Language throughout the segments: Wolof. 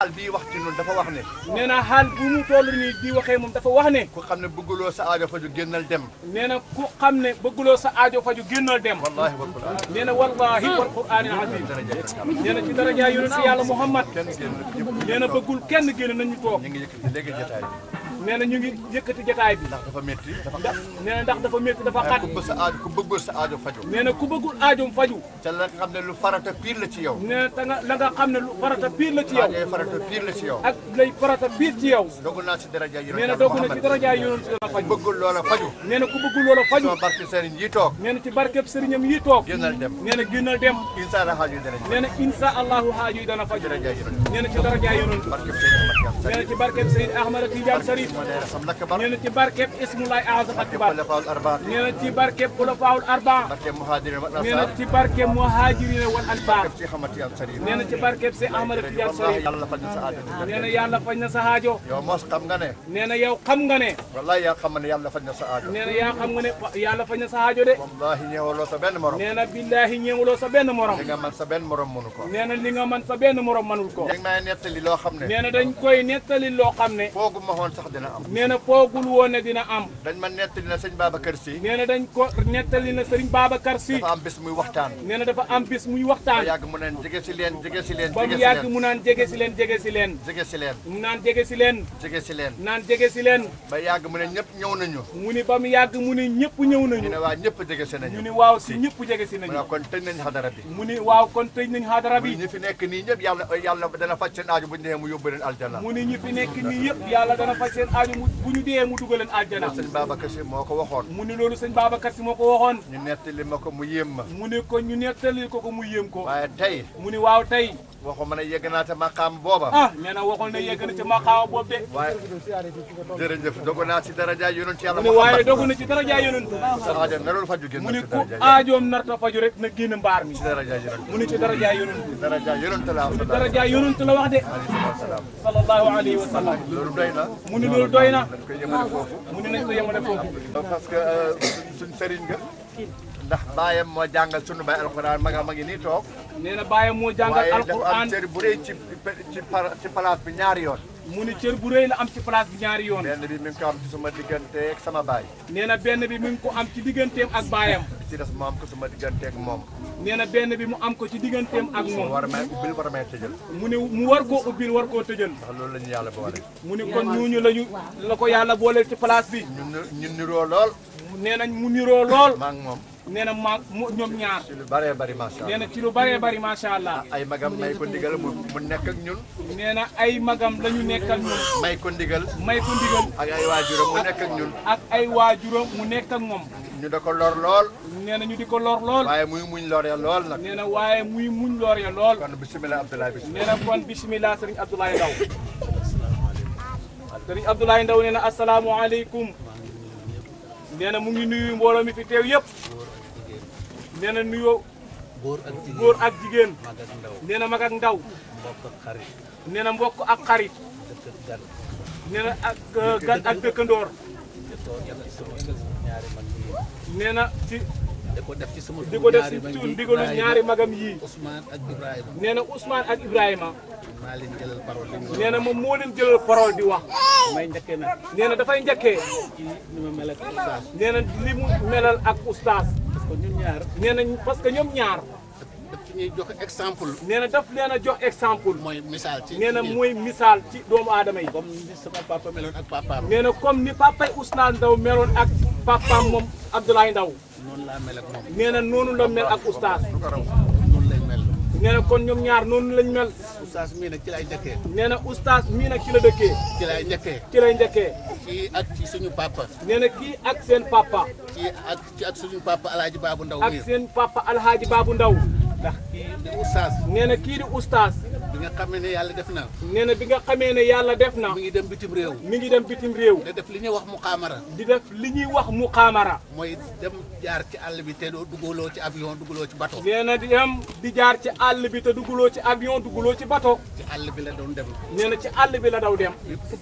al bii wax ci ñun dafa wax ne nee na xaal bu mu toll nii di waxee moom dafa wax ne ku xam ne bëgguloo sa aajo faju génnal dem nee na ku xam ne bëgguloo sa aajo faju génnal dem wallaahi wal quraan nee na wallaahi wal quraan aziim nee na ci daraja yonent yàlla Muhammad nee na bëggul kenn génn nañu toog ñu ngi yëkkati léegi jotaay nee na ñu ngi yëkkati jotaay bi. ndax dafa métti dafa xat. nee na dafa métti dafa xat. ku bëgg ku bëggul sa aajo faju. nee na ku bëggul aajoom faju. te la nga xam ne lu farata piir la ci yow. nee na lu farata piir la ci yow. ak farata piir la ci yow. ak lay farata piir ci yow. dogu naa si daraja yi. nee na dogu na faju. bëggul ci barkeb sëriñam yi dem nee na génnal dem. faju. nee ci daraja yi yoon nee nee na ci barkeb ismulaay azam akbar nee na ci barkeb xulafaawul arba nee na ci barkeb muhaajirina wal ansaar nee na ci barkeb si Ahmad Tidiane Sarif nee na yàlla faj na sa aajo yow mos xam nga ne nee na yow xam nga ne wallahi yaa xam ne yàlla faj na sa aajo nee na yaa xam nga ne yàlla faj na sa aajo de wallahi ñeewaloo sa benn morom nee na billahi ñeewaloo sa benn morom li nga man sa benn morom mënu ko nee na li nga man sa benn morom mënul ko nee na dañ koy nettali loo xam ne foogu ma woon sax dina am. nee na foogul woon ne dina am. dañ ma nettali na sëñ Babacar Sy. nee na dañ ko nettali na sëñ Babacar Sy. dafa am bis muy waxtaan. nee na dafa am bis muy waxtaan. ba yàgg mu naan jege si leen naan jege si leen jege mu naan jege si nañu. mu ni ba mu mu ne ñëpp ñëw nañu. ñu ne waaw ñëpp jege si nañu. ñu ni waaw si ñëpp jege si nañu. kon tëj nañ xadara mu ni waaw kon tëj nañ xadara bi. nekk ni ñi fi dana faj seen seen aajo mu bu ñu dee mu dugaleen àjjana sëñ Babacar Si moo ko waxoon mu ne loolu sëñ Babacar Si moo ko waxoon ñu nettali ma ko mu yéem ma mu ne ko ñu nettali ko ko mu yéem ko waaye tey mu ne waaw tey waxuma ne yegg naa te maqaam booba. ah nee na waxul ne yegg na ci maqaam boobu de. waaye jërëjëf dogu naa ci na ci daraja yonent. sa aajo narul faju génn mu ni ku aajoom narta faju na génn daraja yonent mu ni ci daraja yonent. daraja la wax. daraja yonent la wax de. sallallahu alayhi wa sallam. loolu doy na. ko yemale foofu. mu ni nañ ko yemale foofu. parce que euh, ndax baayam moo jàngal sunu baay alxuraan ma ngi nii toog. nee na baayam moo jàngal alxuraan waaye cër bu rëy ci ci place bi ñaari yoon. mu ni cër bu rëy la am ci place bi yoon. benn bi mi ngi ko am ci suma digganteeg sama nee na benn bi mi am ci digganteem ak baayam. ci des mu am ko suma digganteeg moom. nee na benn bi mu am ko ci digganteem ak moom. mu war may ubbil war may tëjal. mu ne mu war koo war koo tëjal. ndax loolu la ñu yàlla boole. mu ne kon ñu la ñu la ko yàlla boole ci place bi. ñu ñu niroo lool. nee nañ mu niroo lool. maa moom. nee na ma ñoom ñaar. ci lu bëree bëri macha allah nee ci lu allah. Ah, ay magam may ko ndigal mu nekk ak ñun. ay magam la ñu nekkal ñun. may ko ndigal. may ko ndigal. ak ay waajuram mu nekk ak ñun. ak ay waajuram mu nekk ak moom. ñu da lor lol nee na ñu di lor lol waaye muy muñ lor ya lol nag. nee na waaye muy muñ lor ya lol kon bisimilah Abdoulaye bisimilah. nee kon bisimilah Serigne Abdoulaye Ndaw. Serigne Abdoulaye Ndaw nee nee nuyo gor ak jigen gor ak jigen mag ak ndaw nee mag ak ndaw mbokk ak xarit nee mbokk ak xarit dëkk ak gan ak dekk euh, ndor dëkkandoor ci diko def ci sumu diko def ci lu ñaari magam yi Ousmane ak Ibrahima ak Ibrahima malin jëlal parole leen jëlal parole di wax may njëkkee na dafay da fay ma melal limu melal ak oustaz kon ñun ñaar nañ parce que ñoom ñaar. daf ñuy jox exemple. nee na daf leen a jox exemple. mooy misaal ci nee na mooy misaal ci doomu aadama yi. comme ak papaam. nee na comme ni papay Ousmane Ndaw meloon ak papaam moom Abdoulaye Ndaw. noonu laa mel nee na noonu la mel ak oustaz. nee na kon ñoom ñaar noonu lañ mel. oustaz mii nag ci lay njëkkee. nee na oustaz mii nag ci la dëkkee. ci lay njëkkee. ci lay njëkkee. kii ak ci suñu papa. nee na kii ak seen papa. kii ak ci ak suñu papa alhaaji bu ndaw. ak seen papa alhaaji bu ndaw. ndax kii di na kii di oustaz. bi nga xamee ne yàlla def na nee na bi nga xamee ne yàlla def na mi ngi dem bitim réew mi ngi dem bitim réew di def li ñuy wax mu xaamara di def li ñuy wax mu xaamara mooy dem jaar ci àll bi te duggaloo ci avion duggaloo ci bato nee na di dem di jaar ci àll bi te duggaloo ci avion duggaloo ci bato ci àll bi la doon dem nee ci àll bi la daw dem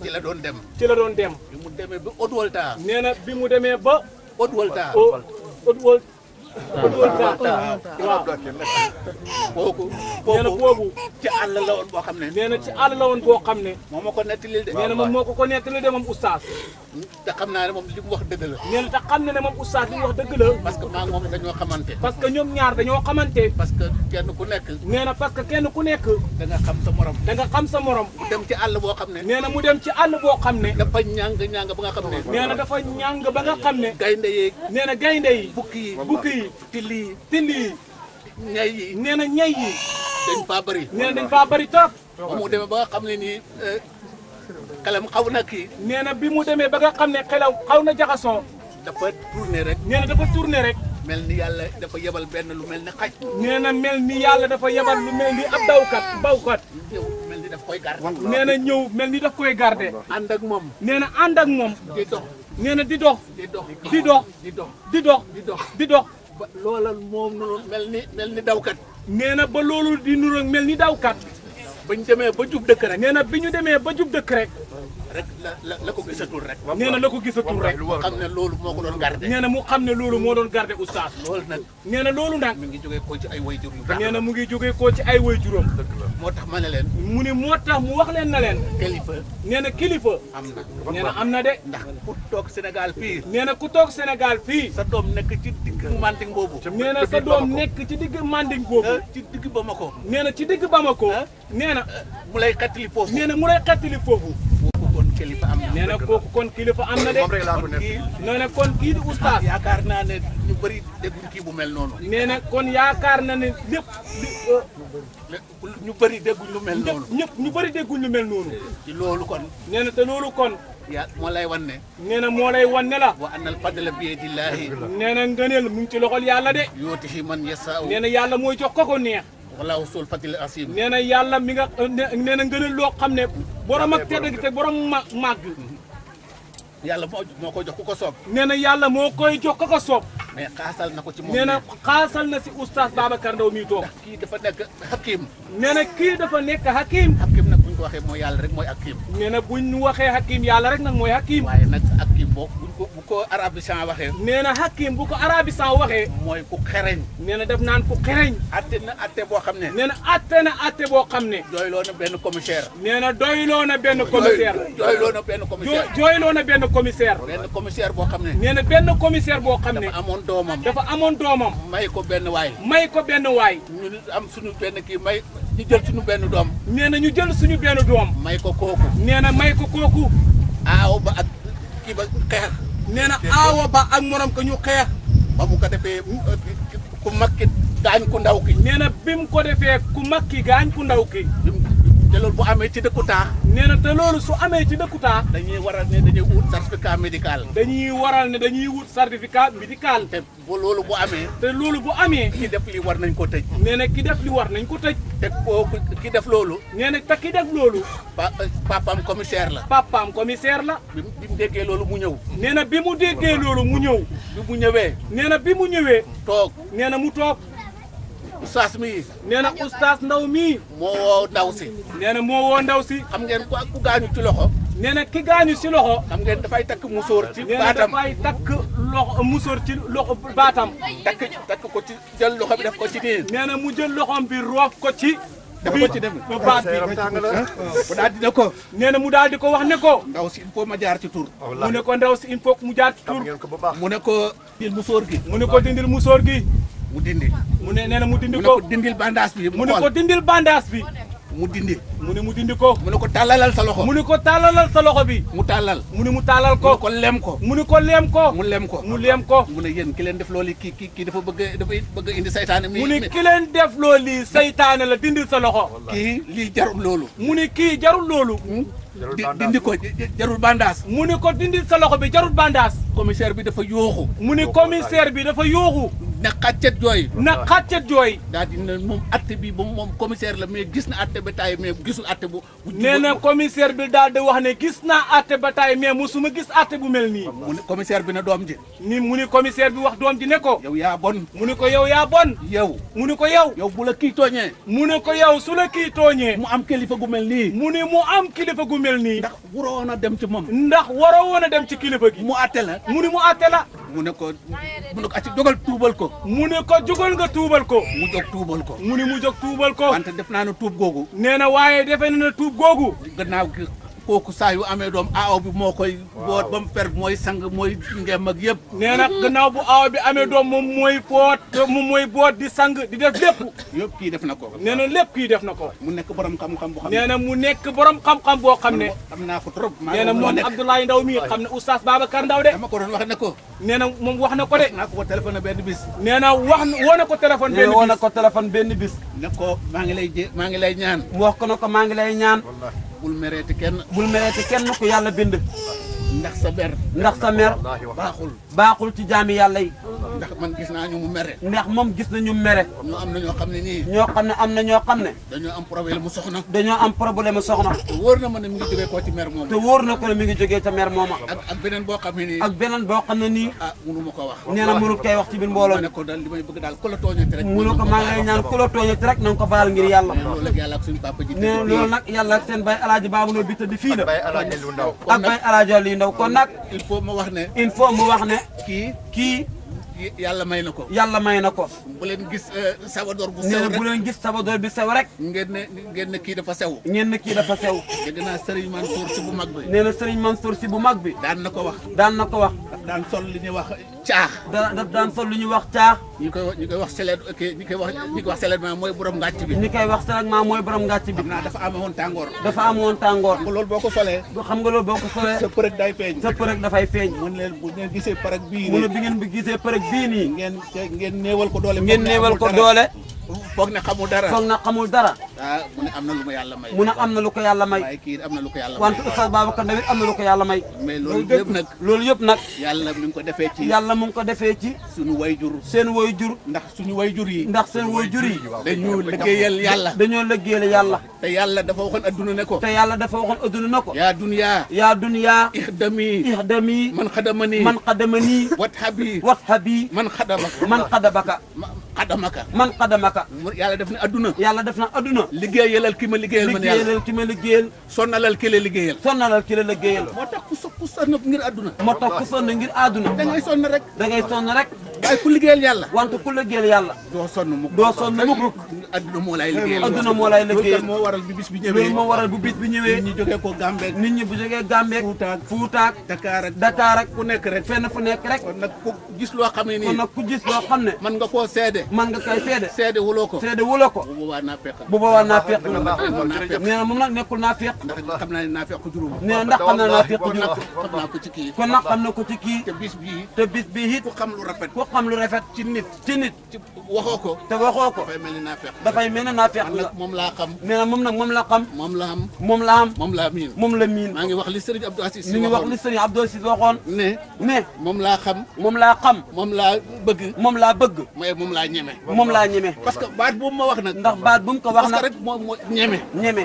ci la doon dem ci la doon dem bi mu demee ba Haute-Volta nee na bi mu demee ba Haute-Volta waaw kooku kooku ci àll la woon boo xam ne. nee na la woon boo xam ne. moo ma ko nettali de. moom moo ko ko nettali de moom oustaz. te xam naa ne moom li wax dëgg la. nee na te xam na ne moom oustaz li mu wax dëgg la. parce que maa moom dañoo xamante. parce que ñoom ñaar dañoo xamante. parce que kenn ku nekk. nee na parce que kenn ku nekk. da nga xam sa morom. da nga xam sa morom. mu dem ci àll boo xam ne. nee na mu dem ci àll boo xam ne. dafa ñàng ñàng ba nga xam ne. nee na dafa ñàng ba nga xam ne. gaynde yi. nee na gaynde yi bukki yi bukki yi yi till yi till yi nee na ñay yi dañ faa bëri nee dañ faa bëri trop ba mu ba nga xam ne nii eh, xelam xaw na kii nee na bi mu demee ba nga xam ne xelaw xaw na jaxasoo dafa tourné rek nee na dafa tourné rek mel ni yàlla dafa yebal benn lu mel ni xaj nee na mel ni yàlla dafa yebal lu mel ni ab dawkat mbawkat daf koy garde na ñëw mel ni daf koy garde ànd ak moom nee na ànd ak moom di dox nee na di dox di dox di dox di dox di dox di dox ba loolal moom nuru mel ni mel ni dawkat. nee na ba loolu di nuru mel ni dawkat bañ demee ba jub dëkk rek. nee nag bi ñu demee ba jub dëkk rek. rek la la la ko gisatul rek. nee na la ko gisatul rek. mu xam ne loolu moo ko doon gardé. nee mu xam ne loolu moo doon gardé oustaz. loolu loolu nag. mu ngi jógee koo ci ay way koo ci ay juróom. moo tax ma ne leen. mu ne moo tax mu wax leen na leen. kilifa nee na kilifa. am na nee na am na de. ndax ku toog Sénégal fii. nee na ku toog Sénégal fii. sa doom nekk ci digg manding boobu. nee na sa doom nekk ci digg manding boobu. ci digg ma nee na ci digg Bamako. nee na mu lay xettali foofu. nee na mu lay xettali foofu. kilifa am na. nee na kooku kon kilifa am na de. moom rek laa ko nekk kon kii di oustaz. yaakaar naa ne ñu bëri dégguñ kii bu mel noonu. nee na kon yaakaar na ne lépp euh, ñu bëri dégguñ lu mel noonu. ñëpp ñu bëri dégguñ lu mel noonu. ci loolu kon. nee na te loolu kon. yaa moo lay wan ne. nee na moo lay wan ne la. wa annal fadla bi yadillaahi. nee na ngëneel mu ngi ci loxol yàlla de. yootihi man yasaa'u. nee na yàlla mooy jox ko ko neex. wala usul fatil asim nee na yàlla mi nga nee na ngëneel loo xam ne borom ak tedd te borom ma màgg yàlla moo ko jox ku ko soob nee na yàlla moo koy jox ku ko soob mais xaasal na ko ci moom nee na xaasal na si oustaz Babacar Ndaw mi toog kii dafa nekk hakim nee na kii dafa nekk hakim hakim ko waxee mooy yàlla rek mooy hakim. nee na buñ waxee hakim yàlla rek nag mooy hakim. waaye nag hakim boo buñ ko bu ko arabisan waxee. nee na hakim bu ko arabisan waxee. mooy ku xereñ. nee na def naan ku xereñ. atte na atte boo xam ne. nee na atte na atte boo xam ne. doyloo na benn commissaire. nee na doyloo na benn commissaire. doyloo na benn commissaire. na benn commissaire. benn commissaire boo xam ne. nee na benn commissaire boo xam ne. dafa amoon doomam. dafa amoon doomam. may ko benn waay. may ko benn waay. ñu am suñu benn kii may. ñu jël suñu benn doom. nee na ñu jël suñu benn doom. may ko kooku. nee na may ko kooku. aawa ba ak kii ba xeex. nee na aawa ba ak morom ka ñu xeex. ba mu ko defee mm, euh, ku mag ki gaañ ku ndaw ki. nee na bi ko defee ku mag ki gaañ ku ndaw ki. te loolu bu amee ci dëkku taax nee na te loolu su amee ci dëkku taax dañuy waral ne dañuy wut certificat médical dañuy waral ne dañuy wut certificat médical te bu loolu bu amee te loolu bu amee ki def li war nañ ko tëj nee na ki def li war nañ ko tëj te kooku ki def loolu nee na te ki def loolu eh, papaam commissaire la papaam commissaire la bi mu déggee loolu mu ñëw nee na bi mu déggee loolu mu ñëw bi mu ñëwee nee na bi mu ñëwee toog nee mu toog oustaz mii. nee na oustaz ndaw mi moo woo ndaw si. nee na moo woo ndaw si. xam ngeen ku gaañu ci loxo. nee na ki gaañu si loxo. xam ngeen dafay takk musóor ci baatam nee na dafay takk loxo musóor ci loxo baatam. takk takk ko ci jël loxo bi def ko ci nii. nee na mu jël loxoom bi roof ko ci. dafa ko ci demee ba baat bi mu daal di ne ko. nee na mu daal di ko wax ne ko. ndaw si il faut ma jaar ci tur. mu ne ko ndaw si il faut mu jaar ci tur. mu ne ko dindil musóor gi. mu ne ko dindil musóor gi. mu dindi. mu ne nee na mu dindi ko mu ne ko dindil bandage bi. mu ne ko dindil bandage bi. mu dindi. mu ne ko. mu ne ko tàllalal mu ne ko tàllalal sa bi. mu tàllal. mu ne mu tàllal ko. mu ne ko lem ko. mu ne ko lem ko. mu lem ko mu lem ko. mu ne ki leen def loolu kii kii kii dafa bëgg dafa bëgg indi saytaane. mu ne ki leen def loolu saytaane la dindil sa loxo. kii lii jarul loolu. mu ne kii jarul loolu. dindi ko jarul bandaas mu ne ko dindil sa loxo bi jarul bandaas commissaire bi dafa yooxu mu ne commissaire bi dafa yooxu na xàccet jooy. na xàccet jooy. daal ne moom atte bi ba moom commissaire la mais gis na atte ba taay mais gisul atte bu. bu bi daal wax ne gis naa atte ba taay mais musuma gis atte bu mel nii. mu ne bi na doom ji. ni mu ni bi wax doom ji ne ko. yow yaa bon. ko yow yaa yow mu ni ko yow. yow bu la kii tooñee. mu ne ko yow su la kii tooñee. mu am kilifa gu mel nii. mu ni mu am kilifa gu mel nii. ndax waroon a dem ci moom. ndax waroon a dem ci kilifa mu atte la mu ni mu atte la. mu ne ko tuubal ko. mu ne ko jógal nga tuubal ko mu jóg tuubal ko mu ne mu jog tuubal ko wante def naa ne tuub googu nee na waaye defe na ne tuub googu gannaaw gi kooku saa yu amee doom aaw bi moo koy. boot ba mu per mooy sang moo ngem mag yëpp. nee na gannaaw bu aaw bi amee doom moom mooy boot moom mooy boot di sang di def lépp. yëpp kii def na ko. nee na lépp kii def na ko. mu nekk borom xam-xam boo xam ne. nee na mu nekk borom xam-xam boo xam ne. xam naa ko trop maa ngi nee na moom Abdoulaye Ndaw mi xam ne oustaz Babacar Ndaw de. dama ko doon wax ne ko. nee na moom wax na ko de. naa ko téléphone benn bis. nee na wax woo na ko téléphone. benn bis ko téléphone benn bis. ne ko maa ngi lay je maa ngi lay ñaan. wax ko na ko maa ngi lay ñaan. bul mereeti kenn. bul mereeti kenn ku yàlla bind. ndax sa mer. ndax sa mer baaxul. baaxul ci jaami yàlla yi. ndax man gis naa ñu mu mere. ndax moom gis nañu mere. ñoo am na ñoo xam ne nii. ñoo xam ne am na ñoo xam ne. dañoo am problème mu soxna. dañoo am problème mu soxna. te wóor na ma ne mi ngi jógee koo ci mer mooma. te wóor na ko ne mi ngi jógee ca mer mooma. ak ak beneen boo xam ne nii. ak beneen boo xam ne nii. ah munu ma ko wax. nee na munu koy wax ci biir mbooloo mi. ne ko daal li may bëgg daal ku la tooñati rek. munu ko maa ngi lay ñaan ku la tooñati rek na nga ko baal ngir yàlla. nee loolu nag yàlla ak seen bay alaaji baabu no bi tëdd fii la ak bay alaaji yu ndaw kon nag. il faut mu wax ne. il faut mu wax ne. kii kii. yàlla may na ko. yàlla may na ko. bu leen gis sabadoor bu sew rek bu leen gis sabadoor bi sew rek. ngeen ne ngeen ne kii dafa sew. ngeen ne kii dafa sew. dégg naa Serigne Mansour si bu mag bi. nee na Serigne Mansour si bu mag bi. daan na ko wax. daan na ko wax. daan sol lu ñuy wax daan daan sol lu wax caax. ñi koy wax ñi koy wax wax ñi koy mooy borom ngàcc bi. ñi koy mooy borom ngàcc bi. xam naa dafa amoon tàngoor. dafa amoon tàngoor. xam nga loolu boo ko solee. xam nga lool boo ko solee. sa përëg day feeñ. sa përëg dafay feeñ. mu ne gisee përëg bii nii. ngeen gisee përëg bii nii. ngeen ngeen néewal ko doole. ngeen néewal ko doole. foog ne xamul dara foog ne xamul dara. ah am na lu yàlla may. mu ne am na lu ko yàlla may. waaye kii am na lu ko yàlla may wante Oustaz Babacar Ndamit am na lu ko yàlla may. mais loolu yëpp nag loolu yëpp nag. yàlla mu ngi ko defee ci. yàlla mu ngi ko defee ci. suñu wayjur seen wayjur. ndax suñu wayjur yi. ndax seen wayjur yi. dañoo liggéeyal yàlla. dañoo liggéeyal yàlla. te yàlla dafa waxoon adduna ne ko. te yàlla dafa waxoon adduna ne ko. yaa dunya. yaa dunya. ixdami. ixdami. man xadamani. man xadamani. wat xabi. wat xabi. man xadabaka. man xadabaka. man xadamaka. farata yàlla def na adduna yàlla def na adduna liggéeyalal ki ma liggéeyal man yàlla liggéeyalal ki ma liggéeyal sonnalal ki la liggéeyal sonnalal ki la liggéeyal moo tax ku so ku sonn ngir adduna moo tax ku sonn ngir adduna da ngay sonn rek da ngay sonn rek waaye ku liggéeyal yàlla wante ku liggéeyal yàlla doo sonn mukk doo sonn mukk adduna moo lay liggéeyal adduna moo lay liggéeyal moo waral bu bis bi ñëwee loolu moo waral bu bis bi ñëwee nit ñi jógee ko Gambeek nit ñi bu jógee Gambeek Fuutaak Fuutaak Dakar ak Dakar ak ku nekk rek fenn fu nekk rek kon nag ku gis loo xam ne nii kon nag ku gis loo xam ne man nga koo seede man nga koy seede seede wuloo ko seede wuloo ko bu boobaa naa fekk bu boobaa naa fekk nee na moom nag nekkul naa fekk ndax xam naa ne naa fekk juróom nee na ndax xam naa naa fekk juróom xam naa ko ci kii kon nag xam na ko ci kii te bis bii te bis bii it ku xam lu rafet ku xam lu rafet ci nit ci nit waxoo ko te waxoo ko dafay mel ni naa fekk dafay mel ni naa fekk la moom laa xam nee na moom nag moom la xam moom la am moom la am moom la miin moom la miin maa ngi wax li sëriñ Abdou Aziz mi ngi wax li sëriñ Abdou Aziz waxoon ne ne moom laa xam moom laa xam moom laa bëgg moom laa bëgg mooy moom laa ñeme moom laa ñeme parce que baat bu ma wax na ndax baat bu ko wax na parce que rek moo ñeme. ñeme.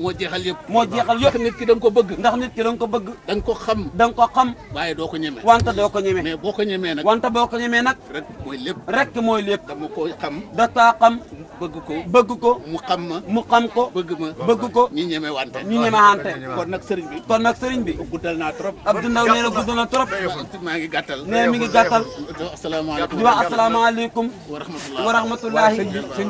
moo jeexal yëpp moo jeexal yëpp ndax nit ki da nga ko bëgg ndax nit ki da nga ko bëgg da nga ko xam da nga ko xam waaye doo ko ñemee wante doo ko ñemee mais boo ko ñemee nag wante boo ko ñemee nag rek mooy lépp rek mooy lépp dama ko xam da taa xam bëgg ko bëgg ko mu xam ma mu xam ko bëgg ma bëgg ko ñi ñeme wante ñi ñeme wante kon nag sëriñ bi kon nag sëriñ bi guddal naa trop Abdou Ndaw nee na guddal na trop maa ngi gàttal nee mi ngi gàttal asalaamaaleykum di wax asalaamaaleykum wa rahmatullahi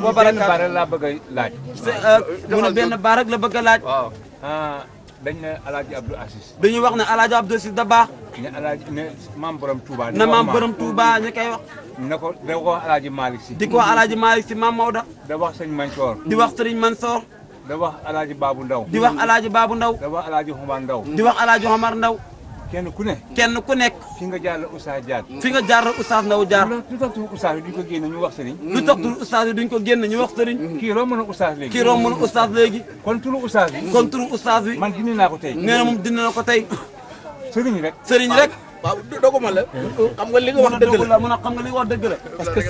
wa barakaatu benn baar rek la bëgg a laaj euh, mu ne benn baar rek la bëgg a laaj waaw ah, dañ ne alaaji abdou asis dañuy wax ne alaaji abdou asis da baax ne alaaji ne maam borom touba ne maam borom touba ñu koy wax ne da wax alaaji malik si di ko wax alaaji malik si maam mawda da wax sëñ mansoor di wax sëriñ mansoor da wax alaaji baabu ndaw di wax alaaji baabu ndaw da wax alaaji xumar ndaw di wax alaaji xumar ndaw kenn ku ne. kenn ku nekk. fi nga jaar la Oustaz jaar. fi nga jaar la Oustaz Ndaw jaar. lu tax tuur Oustaz yi duñ ko génne ñu wax sëriñ. lu tax tuur Oustaz yi duñ ko génne ñu wax sëriñ. kii romb na Oustaz léegi. kii romb na Oustaz léegi. kon turu Oustaz bi. kon turu Oustaz bi. naa ko tey. nee na moom dindi na ko tey. sëriñ rek. sëriñ rek. waaw a xam nga li nga wax dëgg la. parce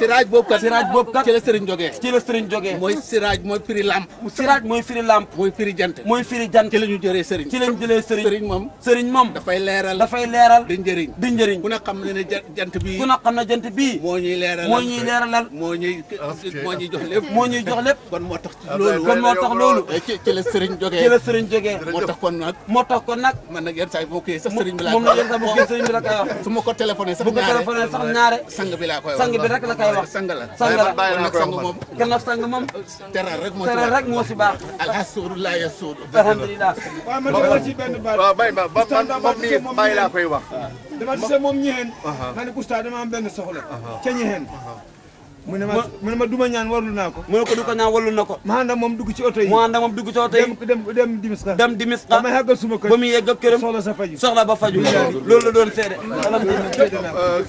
siraaj boobu kat. siraaj boobu kat. ci la sëriñ mooy siraaj mooy firi lamp. ñu jëlee sëriñ. moom. dafay leeral. dafay leeral. leeral di njëriñ di njëriñ ku ne xam ne ne jant bii ku ne xam ne jant bii moo ñuy leeralal moo ñuy leeralal moo ñuy moo ñuy jox lépp moo ñuy jox lépp kon moo tax ci loolu kon moo tax loolu eh, ci la sëriñ jógee ci la sëriñ jógee moo tax kon nag moo tax kon nag man nag yenn saa yi boo kii sax sëriñ bi laa moom nag yenn saa boo kii sëriñ bi la koy wax su ma ko téléphoné sax bu ko téléphoné sax ñaare sang bi laa koy wax sang bi rek la koy wax sang la sang la nag sang moom kon nag sang moom teral rek moo teral rek moo si baax alhamdulilah alhamdulilah waaw man dama ci benn baat waaw bay ba man moom mii bàyyi laa koy wax wax dama gisee moom ñeheen ma ne oustaz dama am benn soxla ca ñeheen mu ne ma mu ne ma duma ñaan warlu naa ko mu ne ko du ko ñaan warlu na ko ma ànd ak moom dugg ci oto yi mu ànd ak moom dugg ci oto yi dem dem dimiska dem dimiska ba ma yàggal suma ba mu yegg ak këram soxla sa faju soxla ba faju loolu la doon seede alhamdulilah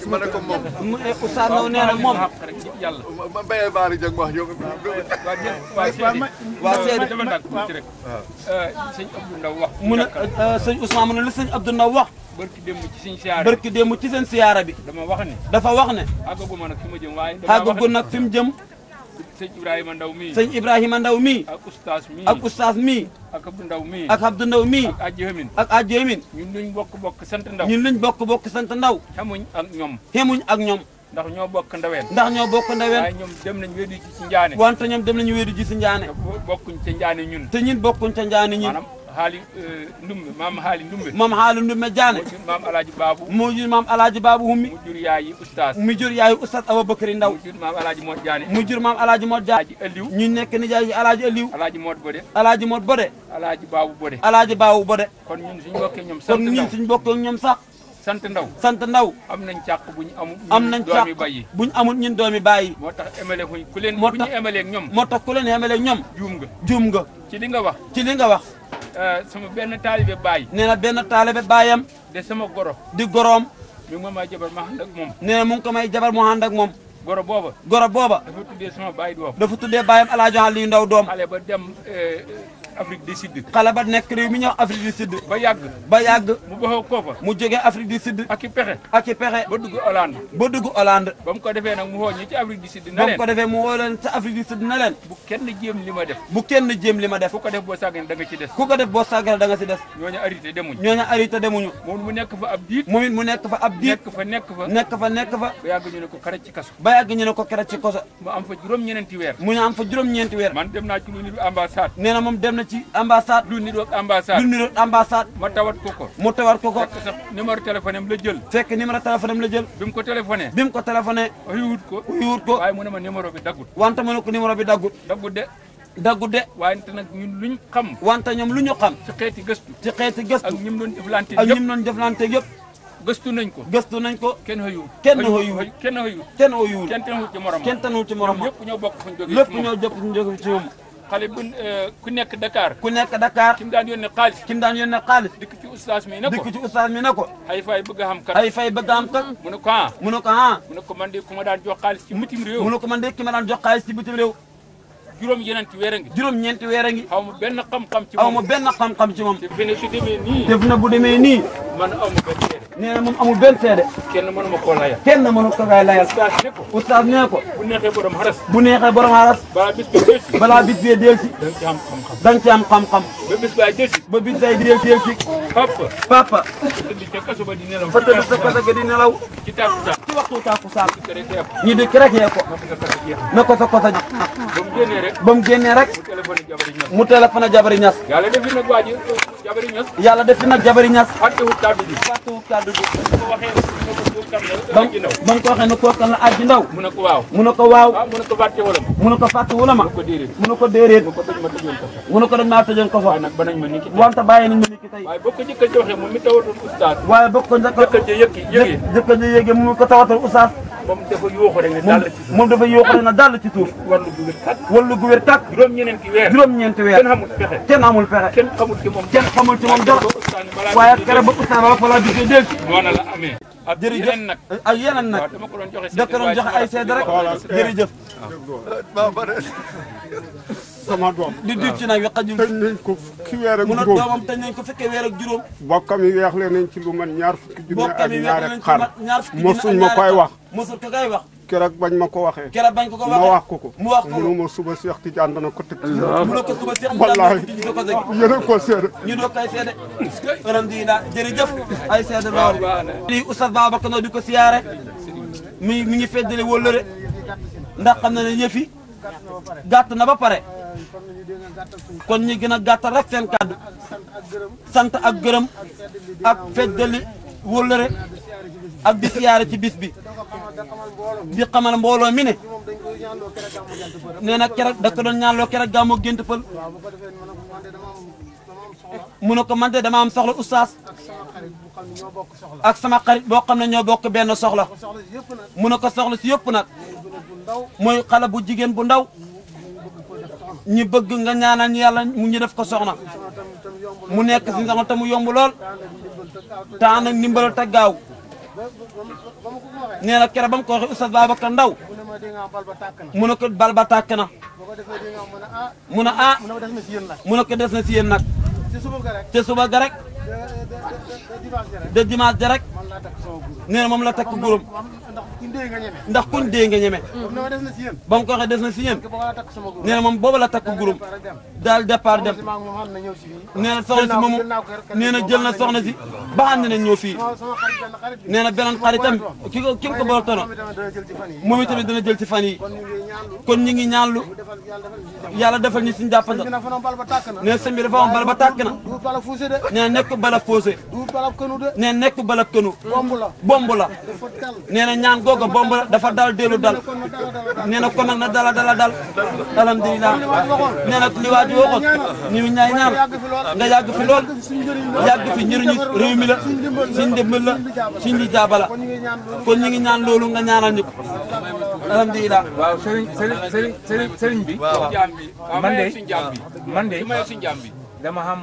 su ma ne ko moom oustaz naw nee na moom yàlla ma béyee baari jëg wax yow waa seede dama daan tuuti rek euh, sëñ Abdou Ndaw wax mu ne euh, sëñ lu sëñ Abdou Ndaw wax barki démb ci seen siyaara bi barki démb ci seen siyaara bi. dama wax ne. dafa wax ne. àggaguma nag nak ma jëm waaye. àggagu nag fi mu jëm. sëñ Ibrahima Ndaw mii. sëñ Ibrahima Ndaw mii. ak ustaas mii ak ustaas mii. ak Abdou Ndaw mii. ak Abdou Ndaw mii. ak Adji Hamine. ak Adji Hamine. ñun luñ bokk bokk sant Ndaw. ñun luñ bokk bokk sant Ndaw. xamuñ ak ñoom. xamuñ ak ñoom. ndax ñoo bokk ndaween ndax ñoo bokk ndaween waaye ñoom dem nañ wéedu ji si njaane wante ñoom dem nañu wéedu ji si njaane bokkuñ ca njaane ñun te ñun bokkuñ ca njaane ñun Euh, haali ndumbe mam haali ndumbe mam haali ndumbe diane mam alaji babu mo jur mam alaji babu hummi mo jur yaayi oustaz mi jur yaayi oustaz aboubacry ndaw mo jur mam alaji mod diane mo jur mam alaji mod diane aliw ñu nekk ni jaayi alaji aliw alaji mod bode alaji mod bode alaji babu bode alaji babu bode kon ñun suñu bokkee ñoom sax kon ñun suñu bokkee ñoom sax sant ndaw sant ndaw am nañ càq bu ñu amul am nañ càq bu ñu amul ñun doomi bàyyi moo tax emale ku leen bu ñu emale ak ñoom moo tax ku leen emale ak ñoom nga juum li nga wax ci li nga wax Euh, sama benn taalibe baay. nee na benn taalibe baayam. de sama goro. di goroom. mi ngi ko may jabar mu ànd moom. na mu ngi ko may jabar mu ànd ak moom. goro booba. goro booba. dafa tuddee sama baay doom. dafa tuddee baayam El Hadj Aliou Ndaw doom. Afrique du Sud. xalabat nekk réew mi mu baxoo koofa. Afrique du Sud. i pexe pexe. ba dugg Hollande. ba dugg Hollande. ba mu ko defee na ko defee ci na leen. bu kenn jéem li ma def. bu kenn jéem def. ku boo sàggane da nga ci des. ku ko def boo sàggane da nga nekk fa ab diit. moom it fa ab ko kere kaso. ba yàgg ñu ne ko kere ci kaso. mu am fa juróom-ñeenti weer. mu ñu am fa juróom-ñeenti weer. man dem naa ci lu ñu ambassade. nee na moom dem na ci ambassade. lu niroog ambassade lu niroog ambassade. ma tawat ko ko. mu tawat ko ko. fekk sax numéro téléphone la jël. fekk numéro téléphone am la jël. bi ko téléphoné. bi mu ko téléphoné. uyuwut ko uyuwut ko. waaye mu ne ma numéro bi daggut. wante mu ne ko numéro bi daggut. daggut de. daggu de wante nag ñun luñ xam wante ñoom lu ñu xam ci xeeti gëstu ci xeeti gëstu ak ñim doon jëflante ak ñim doon jëflante yëpp gëstu nañ ko gëstu nañ ko kenn xëyul kenn xëyul kenn xëyul kenn xëyul kenn tanul ci moromam kenn tanul ci moromam lépp bokk fuñ jógee lépp ñoo jëpp fuñ jógee ci moom xale bu ku nekk Dakar ku nekk Dakar kim daan yónnee xaalis kim daan yónnee xaalis dikk ci oustaz mi na ko dikk ci oustaz mi na ko ay fay bëgg a xam kat ay fay bëgg a xam kat mu ne ko ah mu ne ko ah mu ne ko man de ku ma daan jox xaalis ci bitim réew mu ne ko man de ki ma daan jox xaalis ci bitim réew juróom ñeenti weer a ngi juróom ñeenti weer ngi aw ma benn xam-xam ci moom aw ma benn xam-xam bu demee nii man aw ma benn seede nee na moom amul benn ma layal ko kay layal ustaas ne ko ustaas bu neexee borom xaras bu neexee borom xaras balaa bis bee del si balaa bis xam-xam danga ci ba bis baa del si ba bis day papa papa tëdd ca kaso ba di nelaw fa di nelaw ci tàkkusaan ci ñu dikk rek na ko sa kosa ba mu génnee rek mu téléphone a Jabari Ñas yàlla defi nag waa ji Jabari Ñas yàlla defi nag Jabari Ñas fàttewut kàddu gi fàttewut kàddu gi ba ba mu ko waxee ne koo kan la aji ndaw mu ne ko waaw mu ne ko waaw mu ne ko fàtte wala mu ne ko fàtte wala ma mu ne ko déeréet mu ne ko dañ maa tëjoon ko fa wante bàyyi nañ ma niki tey waaye bokk ko jëkkër ji waxee moom mi tawatoon ustaas waaye bokk ko jëkkër ji yëg yëg jëkkër ji yëg moom mi ko tawatoon ustaas moom dafa yooxu rek ne dàll ci suuf moom wallu gu juróom-ñeenti weer juróom-ñeenti weer kenn amul pexe kenn amul pexe kenn xamul ci kenn xamul ci moom dara waaye ak kere ba ustaan wala fa laa ko doon joxe ay seede sama doom di diir ci nag wi xajul tëj nañ ko fukki weer ak juróom mu ne doomam tëj nañ ko fekkee weer ak juróom bokkam yi weex le nañ ci lu man ñaar fukki junne ak ñaari xar mosuñ ma koy wax mosul ko koy wax keroog bañ ma ko waxee keroog bañ ko ko waxee ma wax ko ko mu wax ko mu suba Cheikh Tidiane dana ko tëj mu ne ko suba Cheikh Tidiane wallaahi yéen a ko seede ñu doo koy seede alhamdulilah jërëjëf ay seede loolu lii Oustaz Babacar Ndao di ko siyaare mi mi ngi feddali wóllëre ndax xam na ne yëfi gàtt na ba pare kon ñi gën a gàttal rek seen kàddu sant ak gërëm ak feddali wóllëre ak di siyaare ci bis bi di xamal mbooloo mi ne nee na keroog da ko doon ñaanloo keroog gàmmu gént pël mu ne ko man de dama am soxla oustaz ak sama xarit boo xam na ñoo bokk benn soxla mu ne ko soxla si yëpp na mooy xale bu jigéen bu ndaw ñu bëgg nga ñaanal ñu yàlla mu ñu def ko soxna mu nekk si nga xam te mu yomb lool taa nag ndimbal te gaaw nee na keroog ba mu ko waxee Oustaz ko Ndaw mu ne ko bal ba na mu ne a ah, mu ne ko des na si yéen nag te suba ga rek de dimanche ja rek nee moom la takk góoram. ndax kuñ dee nga ñeme ba ko waxee des na si yéen nee na moom la takk groupe daal départ dem nee na soxna si moomu nee na jël na soxna si ba ànd nañ ñëw fii nee na beneen xaritam ki ko tono moom itamit dana jël ci fan yi kon ñu ngi ñaanlu yàlla defal ñu suñu jàppandal nee na sëñ bi ba tàkk na nee nekk bala foosé nee nekk bala kënu bomb la nee ñaan goga bomba dafa dal delu dal neena ko nak na dala dala dal alhamdulilah nee na li waaj waxoon ñu ñaay ñaan nga yag fi lol yag fi ñir ñu rew mi la suñu dimbal la suñu di jaabala kon ñi ngi ñaan loolu nga ñaanal ñu ko alhamdulilah waaw sëriñ sëriñ sëriñ sëriñ bi man de man de dama xam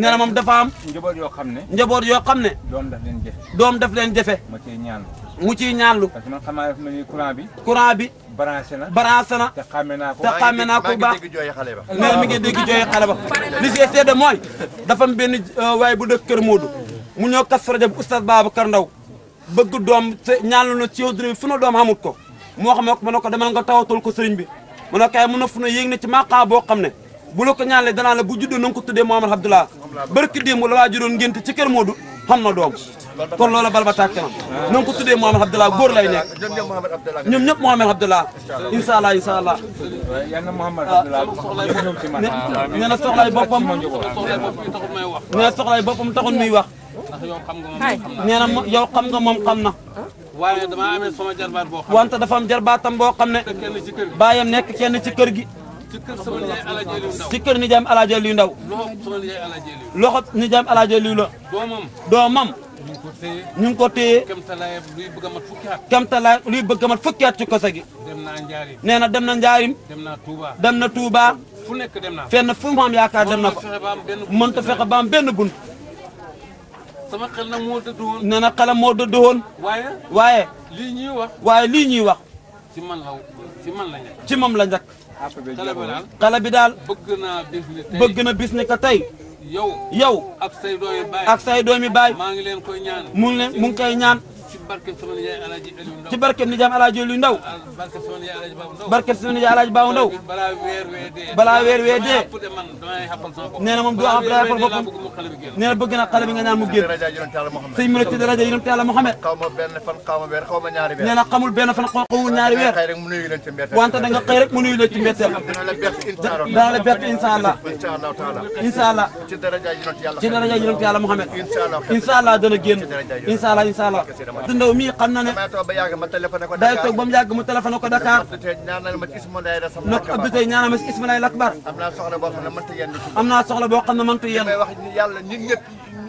nee na moom dafa am njaboot yoo xam ne njaboot yoo xam ne daf len jafe dom daf len jafe ma ci ñaan mu ciy ñaanlu. parce que xam naa ne bi. courant bi. branché na branché na. te naa ko te naa ko bu baax xale ba. mais mi ngi dégg jooy xale ba. li si seede mooy dafa am benn euh, waaye bu dëkk Kër Modou. mu ñëw kas rajo bu oustaz Babacar Ndaw bëgg doom te ñaanlu na ci yow dinañ fu na doom xamut ko. moo xam ne ma ne ko demal nga tawatul ko sëriñ bi ma ne kay mun na fu na yéeg na ci maqaa boo xam ne. bu la ko ñaanlee danaa la bu juddoo na nga ko tuddee Mohamed Abdoulah barki démb la waa juróon ngénte ci Kër Modou xam na doom kon loola bal ba tàkk na na nga ko tuddee Mohamed Abdallah góor lay nekk ñoom ñëpp Mohamed Abdallah incha allah incha na boppam nee na soxlay boppam taxul muy wax nee na yow xam nga moom xam na waaye dama amee sama jarbaat boo xam wante dafa am jarbaatam boo xam ne baayam nekk kenn ci kër gi ci kër ni jaam alaaji Aliou Ndaw loxo ni jaam alaaji Aliou la doomam ñu ngi ko téye kemtalaay luy bëgg mat fukki at ci kosa gi nee na dem na njaarim dem na Touba fenn fu mu am yaakaar dem na fa mënta fexe ba am benn bunt sama xel nag moo dëdd woon nee na xelam moo dëdd woon waaye waaye lii ñuy wax waaye lii ñuy wax ci man la ci man la njëkk ci moom la njëkk xale bi daal bëgg na bis ni ka tey yow ak say doom doomi baay maa ngi leen koy ñaan mu ngi leen koy ñaan barke sama nijaay alaaji Aliou Ndaw ci barke nijaam alaaji Aliou Ndaw ah, barke sama nijaay alaaji Baabu Ndaw barke sama nijaay alaaji Baabu Ndaw balaa weer wee dee balaa weer wee dee nee na moom du am xappal boppam nee na bëgg na xale bi nga ñaan mu génn sëñ mu ci daraja yonent Yàlla Muhammad xaw ma benn fan xaw ma weer xaw ma ñaari weer nee na xamul benn fan xawul ñaari weer wante da nga xëy rek mu nuyu la ci mbetteel dana la bett insha Allah insha Allah ci daraja yonent Yàlla Muhammad insha Allah dana génn insha Allah insha Allah ndaw mii xam na ne day toog ba mu yàgg mu téléphoné ko Dakar nok abdi tey ñaanal ma si Ismaïla Akbar am naa soxla boo xam ne mënta yenn am naa soxla boo xam ne mënta yenn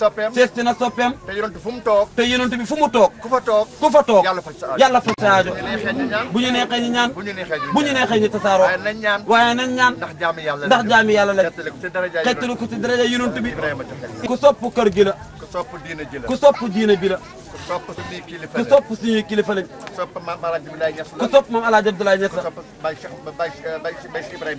soppeem seesti na soppeem te yonent fu mu toog te yonent bi fu mu toog ku fa toog ku fa toog yàlla faj sa aajo bu ñu neexee ñu ñaan bu ñu neexee ñu tasaaroo waaye nañ ñaan ndax jaami yàlla la xettalu ko ci daraja yonent bi ku sopp kër gi la ku sopp diina bi la ku topp suñuy kilifa lañ ku topp suñuy kilifa lañ. ku topp maam El Hadj Abdoulaye Niass la ku topp maam El Hadj Abdoulaye Niass la. ku topp Baye Cheikh Baye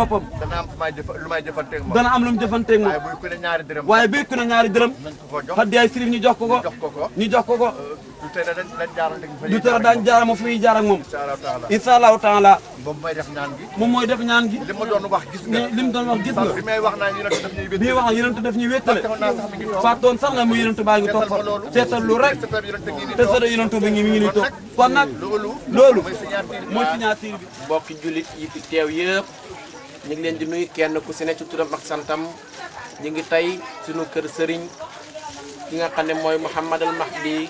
boppam dana am lu may moom waaye buy ku ku ne ñaari dërëm. xaddiyaay sirif ñu jox ko ko ñu jox ko ko. Euh, du tere dañ jaaral dañ fa du tere dañ jaaral ma fu ñuy jaar moom. incha taala. moom mooy def ñaan gi. li mu doon wax gis nga. bi may wax naa yonent daf ñuy wéttale. bi wax yonent daf ñuy wéttale. fàttoon sax na mu yonent baa ngi toog seetal lu rek te sa yonent bi ngi mi ngi ni toog kon nag loolu mooy signature bi. mbokki jullit yi fi teew yëpp ñu ngi leen di nuyu kenn ku si ne ci turam ak santam ñu ngi tey suñu kër sëriñ ki nga xam ne mooy Mouhamadal Mahdi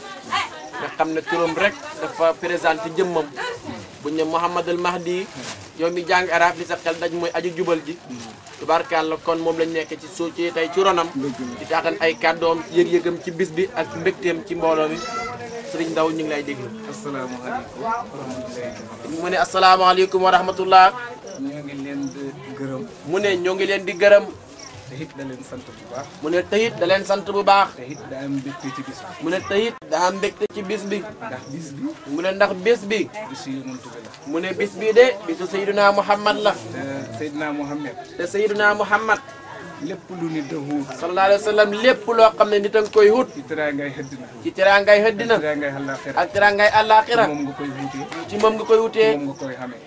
nga xam ne turam rek dafa présenté jëmmam bu ñu ne Mouhamadul Mahdi yow mi jàng arab li sa xel daj mooy aju jubal ji tubaarkàlla kon moom lañ nekk ci soo tey ci ronam di taataan ay kàddoom yëg-yëgam ci bis bi ak mbégteem ci mbooloo mi sëriñ Ndaw ñu ngi lay déglu asalaamaaleykum wa mu ne asalaamaaleykum wa rahmatullah ñoo ngi leen gërëm mu ne ñoo ngi leen di gërëm te it da leen sant bu baax mu ne te it sant bu baax te it daa am ci bis bi mu ne te it daa ci bis bi bi mu ne ndax bis bi bisu yonent bi la mu ne bis bi de bisu Seydina Muhammad la te Seydina Muhammad te Seydina Muhammad lépp lu nit a wut. sallallahu alayhi wa sallam lépp loo xam ne nit a nga koy wut. ci teraangay xëddina. a teraangay xëddina. ak teraangay àllaaxira. ak teraangay àllaaxira. ci moom nga koy wutee.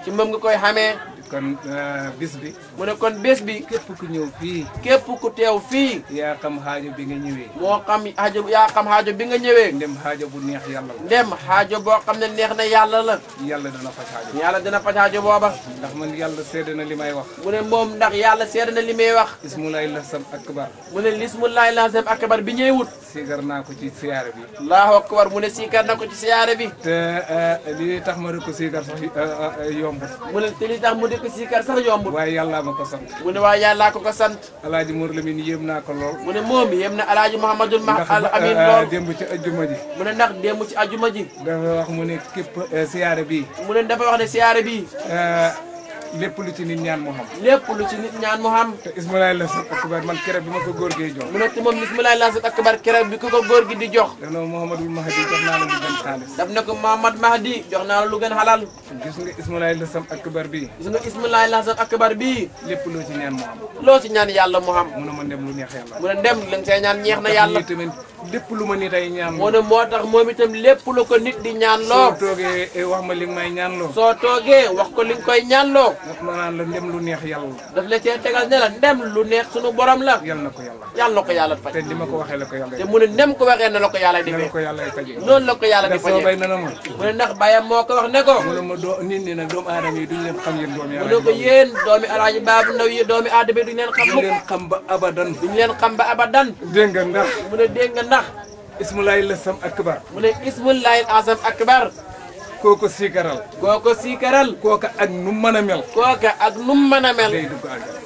ci moom nga koy wutee. kon euh, bis bi. mu ne kon bés bi. képp ku ñëw fii. képp ku teew fii. yaa xam xaajo bi nga ñëwee. moo xam xaajo yaa xam xaajo bi nga ñëwee. ndem xaajo bu neex yàlla la. ndem xaajo boo xam ne neex na yàlla la. yàlla dana faj xaajo. yàlla dana faj xaajo booba. ndax man yàlla seede na li may wax. mu ne moom ndax yàlla seede na li may wax. ismulaay lasam akbar. mu ne lismulaay lasam akbar bi ñëwut. siikar naa ko ci siyaare bi. allahu akbar mu ne siikar na ko ci siyaare bi. te euh, li tax ma di ko siikar sax euh, yomb. mu ne te li tax mu di ko siikar sax yombul waaye yàllaa a ko sant mu ne waaye yàllaa a ko sant alaaji Mor Lamine yéem naa ko lool mu ne moom yéem na alaaji Mouhamadul Mahi al Amin eh, lool ndax démb ci ajuma ji mu ne ndax démb ci ajuma ji dafa wax mu ne képp eh, siyaare bii mu ne dafa wax ne siyaare bii eh, lépp lu ci nit ñaan mu lépp lu ci nit ñaan mu xam te ismalaay man keroog ma ko góor jox mu ne te moom ismalaay lasit akbar keroog bi ko ko góor la lu gën la lu gën xalal gis nga ismalaay lasit lépp loo ci ñaan mu xam loo ci ñaan yàlla mu xam mu ne ma ndem lu neex ñaan ñeex na yàlla tamit lepp lu ma nit ay ñaan mo ne moo tax moom itam lepp lu ko nit di ñaan lo so toge e eh, wax ma li may ñaan lo so toge wax ko li nga koy ñaan loo ma naan la dem lu neex yalla daf la ci tegal ne la dem lu neex suñu borom la yalla nako yalla yalla nako yalla fa te dima ko waxe la ko yalla te mu ne nem ko waxe na la ko yàlla di ko yàlla fajee noonu la ko yalla di fa so bay na na ma mu ne ndax bayam moko wax ne ko mu ne ma do nit ni nag doom adam yi duñ leen xam yeen doom doomi mu ne ko yeen doomi alaaji babu ndaw yi doomi aadama yi duñ leen xam duñ leen xam ba abadan duñ leen xam ba abadan dégg nga ndax mu ne dégg nga نخ اسم الله الاسم اكبر ولي اسم الله الاعظم اكبر kooko siikaral. kooko siikaral. kooka ak nu mën a mel. kooka ak nu mën a mel.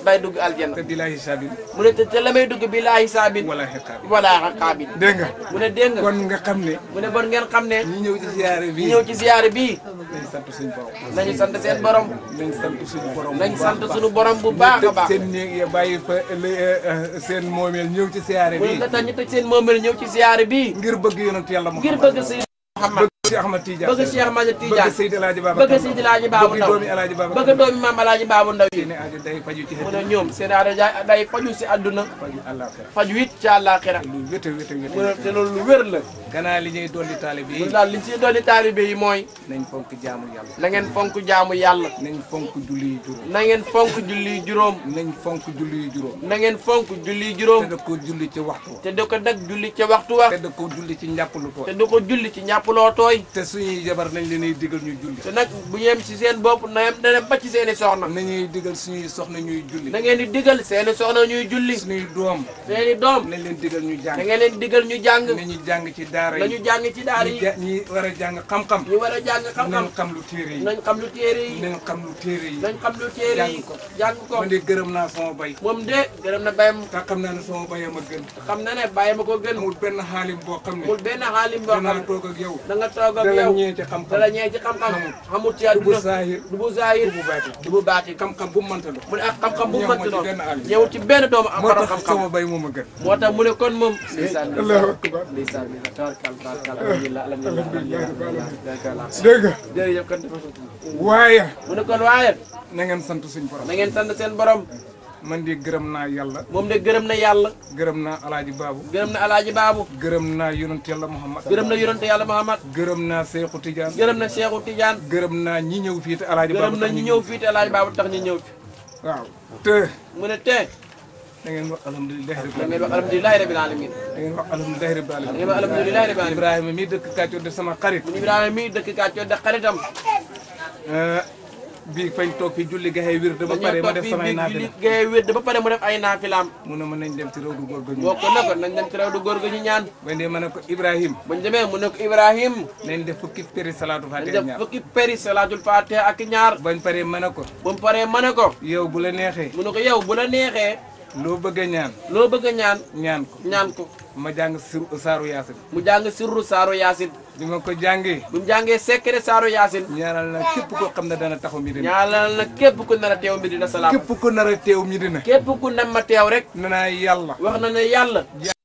day dugg aljanna day dugg aljanna. te di laa hisaabin. te te la may dugg bi laa hisaabin. wala xiqaabin wala xiqaabin. dégg nga. mu ne dégg nga kon nga xam ne. mu ne bon ngeen xam ne. ñi ñëw ci ziyaare bi ñi ñëw ci ziyaare bii. nañ sant suñu borom. nañu sant seen borom. nañ borom bu baax nañ sant suñu borom bu baax eh, eh, seen moomeel ñëw ci ziyaare bii. mu ngir bëgg yonent yàlla mu ngir bëgg Muhammad bëgg Cheikh a Tidiane bëgg Cheikh a Tidiane bëgg Seydi a Baaba bëgg Seydi Alaaji Baaba Ndaw bëgg doomi maam Alaaji Baaba Ndaw yi mu ne ñoom seen aada day faju si àdduna faju it ci àllaaxira mu ne te lu wér la gannaaw li ñuy dolli taalibe yi li ñu siy dolli taalibe yi mooy nañ fonk jaamu yàlla na ngeen fonk jaamu yàlla nañ fonk julli yu juróom na ngeen fonk julli yu juróom nañ fonk julli yu juróom na ngeen fonk julli yu juróom te da ko julli ci waxtu wa te da ko nag julli ci waxtu wa te da ko julli ci njàpp lu tooy te da ko julli ci ñàpp loo tooy te suñuy jabar nañ leen digal ñu julli te nag bu yem si seen bopp na yem dana ba ci seen i soxna nañuy digal suñuy soxna ñuy julli na ngeen di digal seen i soxna ñuy julli suñuy doom seen i doom nañ leen digal ñu jàng na ngeen leen digal jàng nañu jàng ci daara yi la ñu jàng ci daara yi ñi war a jàng xam-xam ñi war a jàng xam-xam nañ xam lu téere yi nañ xam lu téere yi nañ xam lu téere yi nañ xam lu téere yi jàng ko man de gërëm naa sama bay moom de gërëm na bayam te xam naa ne sama bayam a gën xam na ne bayam a ko gën amul benn xaalim boo xam ne amul benn xaalim boo xam ne danaa toog ak yow da nga toog ak yow dala ñee ci xam-xam dala ñee ci xam-xam amul ci àdduna du bu zahir du bu zahir du bu baati du bu baati xam-xam bu mënta doon mu ne ak xam-xam bu mënta doon ñëwul ci benn doomu am xam-xam moo tax sama bay moom a gën moo tax mu ne kon moom ndeysaan ndeysaan barkal barkal alhamdulilah alhamdulilah alhamdulilah dégg waaye mu kon waaye na ngeen sant suñ borom na ngeen sant seen borom man de gërëm naa yàlla moom de gërëm na yàlla gërëm naa alaaji baabu gërëm na alaaji baabu gërëm naa yonent yàlla muhammad gërëm na yonent yàlla muhammad gërëm naa seexu tijaan gërëm na seexu tijaan gërëm naa ñi ñëw fii te alaaji baabu gërëm na ñi ñëw fii te alaaji baabu tax ñu ñëw fi waaw te mu ne te da ngeen wax alhamdulilahi rabbil alamin da ngeen wax alhamdulilahi rabbil mii dëkk Kàccoor de sama xarit Ibrahima mii dëkk Kàccoor de xaritam bii fañ toog fi julli gaxee wér da ba pare ma def samay naafila julli pare mu def ay naafilaam mu ne ma nañ dem ci raw du góor ga ñu boo ko ne ko nañ dem ci raw du ga ñu ñaan ma ne ko Ibrahim bañ demee mu ne ko Ibrahim nañ def fukki péri salaatul fatiha ak ñaar fukki péri salaatul fatiha ak ñaar bañ paree ma ne ko bañ paree ma ne ko yow bu la neexee mu ne ko yow bu la neexee loo bëgg a ñaan. loo bëgg a ñaan. ñaan ko ñaan ko. ma jàng sur saaru yaasin. mu jàng surru saaru yaasin. bi ma ko jàngee. bu mu jàngee secret saaru yaasin. ñaanal na képp koo xam ne dana taxaw Medina. ñaanal na képp ku nar a teew Medina salaam. képp ku nar a teew Medina. képp ku nam ma teew rek. nee naa yàlla. wax na ne yàlla.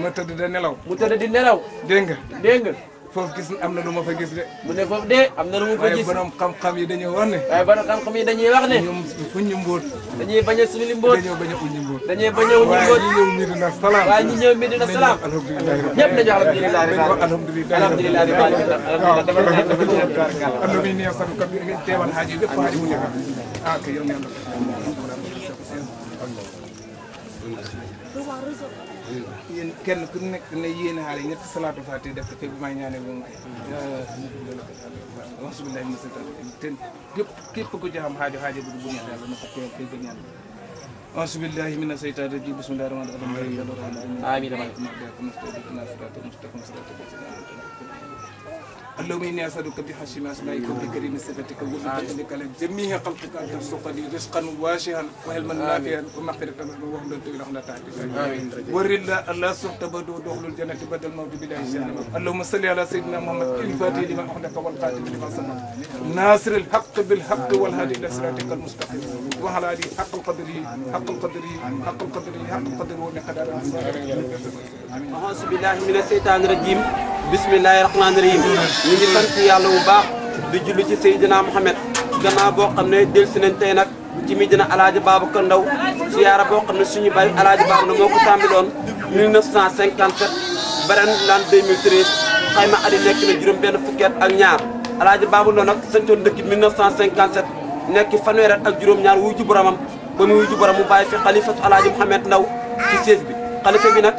ma tëdd de nelaw. mu tëdd di nelaw. dégg nga dégg nga. foofu gis am na lu ma fa gis de. mu ne foofu de am na lu mu fa gis waaye borom xam-xam yi dañuy wax ne. waaye borom xam-xam yi dañuy wax ne. ñoom fuñ ñu mbóot. dañuy bañ a suñu mbóot dañoo bañ a uñu mbóot. dañuy bañ a uñu mbóot waaye ñi ñëw Medina Salaam. waaye ñi ñëw Medina Salaam. ñëpp dañu alhamdulilah alhamdulilah alhamdulilah alhamdulilah dafa dafa dafa yéen kenn ku nekk ne yéen xaale ñetti salaatu fàtte def ko te bu may ñaanee ba mu kii. waaw waaw waaw. te képp ku ci xam xaajo xaajo bi bu ñaan yàlla na ko kii kii أعوذ بالله من الشيطان الرجيم بسم الله الرحمن الرحيم آمين آمين آمين آمين آمين آمين آمين آمين آمين اللهم إني أسألك بحشم أسمائك بكريم صفتك وبفضلك على جميع خلقك أن ترزق لي رزقا واسعا وعلما نافعا ومغفرة وحمدا إلى لا تعرف ور الله سبحانه تبدو دخول الجنة بدل الموت بلا حساب اللهم صل على سيدنا محمد الفاتح لما أحدث والقادم لما سمع ناصر الحق بالحق والهادي إلى صراطك المستقيم وعلى آله حق القدر حق حق قدره حق قدره حق قدره ومقدار أعوذ بالله من الشيطان الرجيم بسم الله الرحمن الرحيم ñu ngi sant yàlla bu baax di julli ci Seydina Mohamed gannaaw boo xam ne dellusi nañ tey nag ci Médina Alaaji Babacar Ndaw siyaara boo xam ne suñu bay Alaaji Babacar Ndaw moo ko tàmbiloon 1957 baren l'an 2013 xayma at yi nekk na juróom benn fukki at ak ñaar Alaaji Babacar Ndaw nag santoon dëkk 1957 nekk fanweer at ak juróom ñaar wuy bu boromam kon muy wuju borom mu bàyyi fi xalifatu alaaji Mouhamed Ndaw ci siège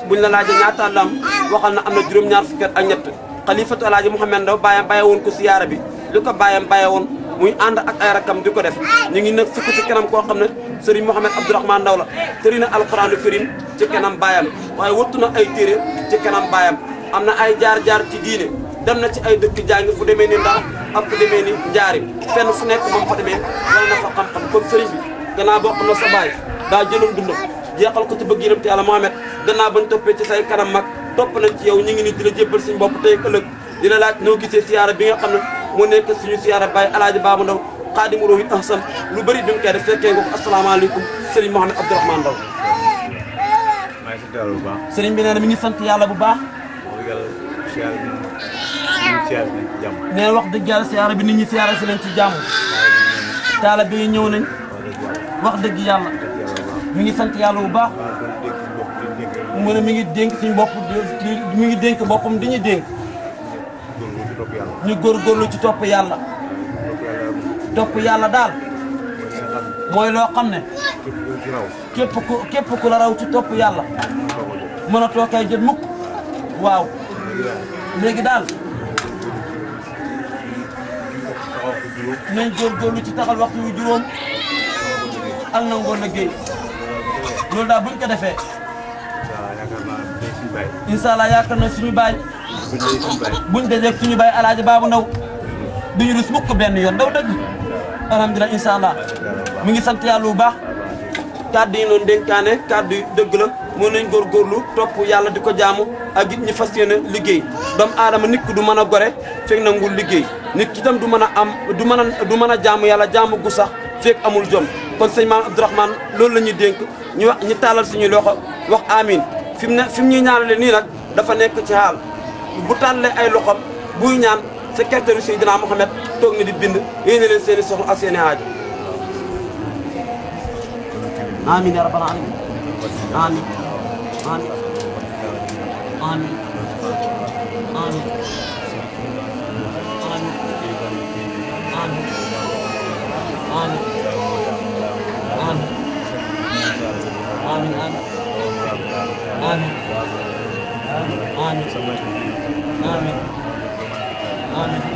bi la laajee ñaata la am waxal na am na juróom-ñaar fukki at ak ñett xalifatu alaaji Mouhamed Ndaw bàyyam bàyyi woon ko siyaara bi li ko bàyyam bàyyi woon muy ànd ak ay rakam di ko def ñu ngi nag sukk ci kanam koo xam ne sëriñ Mouhamed Abdourahmane Ndaw la tëri na alxuraanu karim ci kanam baayam waaye wattu na ay téere ci kanam baayam am na ay jaar-jaar ci diine dem na ci ay dëkk jàng fu demee ni Ndar ak fu demee ni Njaari fenn fu nekk moom fa demee wala na fa xam-xam comme bi gannaaw boo no sa bay da jëlum dund jeexal ko ci bëgg yërëm te yàlla Mohamed gannaaw bañ topé ci say kanam mak top nañ ci yow ñi ngi ni di la suñu bop tay ëllëg di la laaj noo gisee siyaara bi nga xamne mo nekk suñu siyaara bay alaaji babu Ndaw xaadimu rohit ahsan lu bari dum nga def fekkee nga assalamu alaykum serigne mohammed abdourahman Ndaw serigne bi mi ngi sant yalla bu baax nee wax dëgg yàlla siyaara bi nit ñi ci taala bi nañ wax dëgg yàlla mi ngi sant yàlla bu baax mu ne mi ngi dénk ci bopp mi ngi dénk boppam dañuy dénk ñu góorgóorlu ci topp yàlla topp yàlla daal mooy loo xam ne képp ku képp ku la raw ci topp yàlla mën a tookay jot mukk waaw léegi daal nañ góorgóorlu ci taxal waxtu wu juróom ak nangoo liggéey loolu daal buñ ko defee. incha allah yaakaar na suñu baay. buñ dajeeg suñu baay alaaji baabu ndaw. duñu rus mukk benn yoon daw dëgg. alhamdulilah incha allah mi ngi sant yàlla bu baax. kàddu yi noonu dénkaane kàddu yi dëgg la mën nañ góorgóorlu topp yàlla di ko jaamu ak it ñu fas yéene liggéey doomu aadama nit ku du mën a gore fekk nangul liggéey nit ki du mën a am du mën a du mën a jaamu yàlla jaamu gu sax amul jom kon sëñ maam Abdourahmane loolu la ñuy dénk ñu wax ñu taalal suñuy loxo wax amiin fi mu ne fi mu ñuy ñaanale nii nag dafa nekk ci xaal bu tàllalee ay loxom buy ñaan secrétaire Seydina Mohamed toog na di bind yéene leen seen i soxla ak seen i aajo amiin yaa rabbal aalamiin amiin amiin amiin amiin आमीन आमीन आमीन आमीन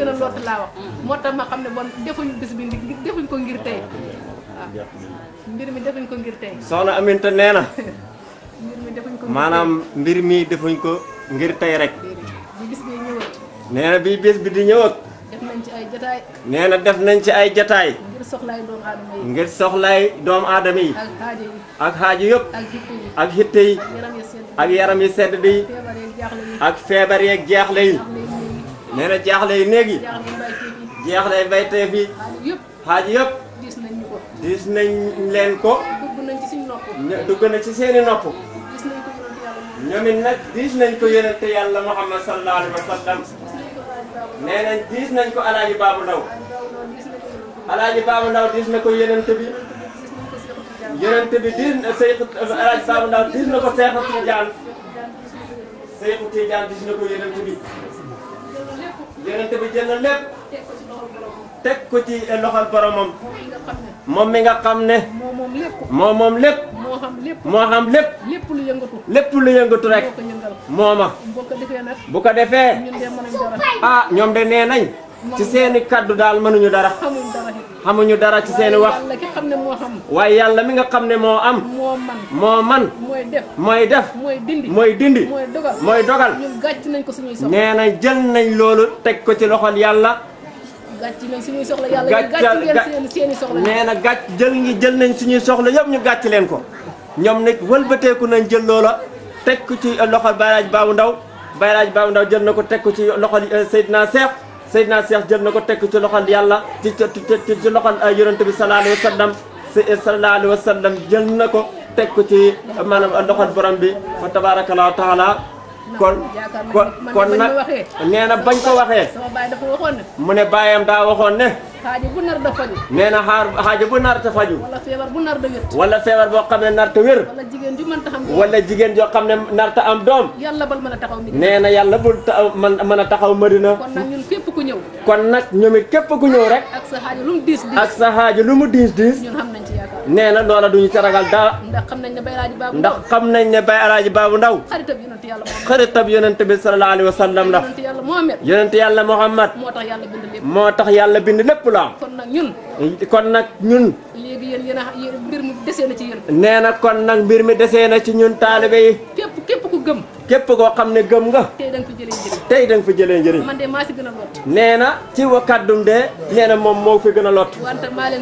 gën a moo tax ma xam ne bon defuñu bis bi defuñ ko ngir tey mbir mi defuñ ko ngir tey soxna Aminta nee na mbir maanaam mbir mi defuñ ko ngir tey rek bi bis bi ñëwat nee na bis bi di ñëwat def nañ ci ay def nañ ci ay jataay ngir soxlaay doomu aadama yi ngir ak xaajo yi yëpp ak xitte yi ak yaram yi sedd bi ak feebar yeeg jaaxle yi nee na jaaxle yi néeg yi. jaaxle yi bayteef yi. xaaj yëpp. diis nañ ko. diis nañ leen ko. dugg nañ ci suñu nopp. dugg na ci seeni nopp. ñoom it nag diis nañ ko yonente yàlla Muhammad sallallahu alayhi wa sallam. nee nañ diis nañ ko alaaji baabu ndaw. alaaji baabu ndaw diis na ko yonente bi. yonente bi diis na Seydou alaaji baabu ndaw diis na ko Seexu Tijaan. Seexu Tijaan diis na ko yonente bi. yonent bi jël na lépp ko ci loxol boromam moom mi nga xam ne moom moom lépp moo xam lépp lépp lu yëngatu rek mooma bu ko defee ah ñoom de nee ci seeni kàddu daal mënuñu dara. xamuñu dara ci seeni wax. waaye yàlla mi nga xam ne moo am. moo man mooy def. mooy def mooy dindi. mooy dogal nañ ko suñuy soxla. nee na jël nañ loolu teg ko ci loxol yàlla. gàcc nañ suñuy soxla yàlla gàcc seeni soxla. nee na gàcc jël ngi jël nañ suñuy soxla yëpp ñu gàcc leen ko. ñoom nag wëlbateeku nañ jël loola teg ko ci loxol Bayraaj Baabu Ndaw Bayraaj Baabu Ndaw jël na ko teg ko ci loxol euh, naa Seex Seydina Cheikh jël na ko tekk ci loxol yàlla ci ci ci loxol bi sallallahu alayhi wa sallam sallallahu alayhi wa sallam jël na ko tekk ci maanaam loxol borom bi fa tabarakallahu taala kon kon kon nag nee na bañ ko waxee mu ne baayam daa waxoon ne xaaja bu nar na xaar xaaja bu nar ta faju wala feebar boo xam ne nar ta wér wala jigéen ju mën jigéen joo xam ne nar ta am doom yàlla bal mën a taxaw Madina nee na yàlla bul ta man mën a taxaw Madina kon nag ñun képp ku ñëw kon nag ñoom it ku ñëw rek ak sa xaaja lu mu diis diis ak sa xaaja lu mu diis diis ñun xam nañ ci na loola duñu ci ragal dara ndax xam nañ ne bay alaaji baabu nañ ne bay alaaji baabu ndaw xaritab yonent yàlla xaritab yonent bi sallallahu alayhi wa sallam la yonent yàlla Muhammad yonent moo tax yàlla moo tax yàlla bind lépp la kon nag ñun. kon nag ñun. léegi yéen yéen a mbir mi desee ci yéen. nee na kon nag mbir mi desee na ci ñun taalibe yi. képp képp ku gëm. képp koo xam ne gëm nga. tey da nga fa jëlee tey da nga fa jëlee njëriñ. man de maa si gën a lot. nee na ci wa kàddum de. nee na moom moo fi gën a lot.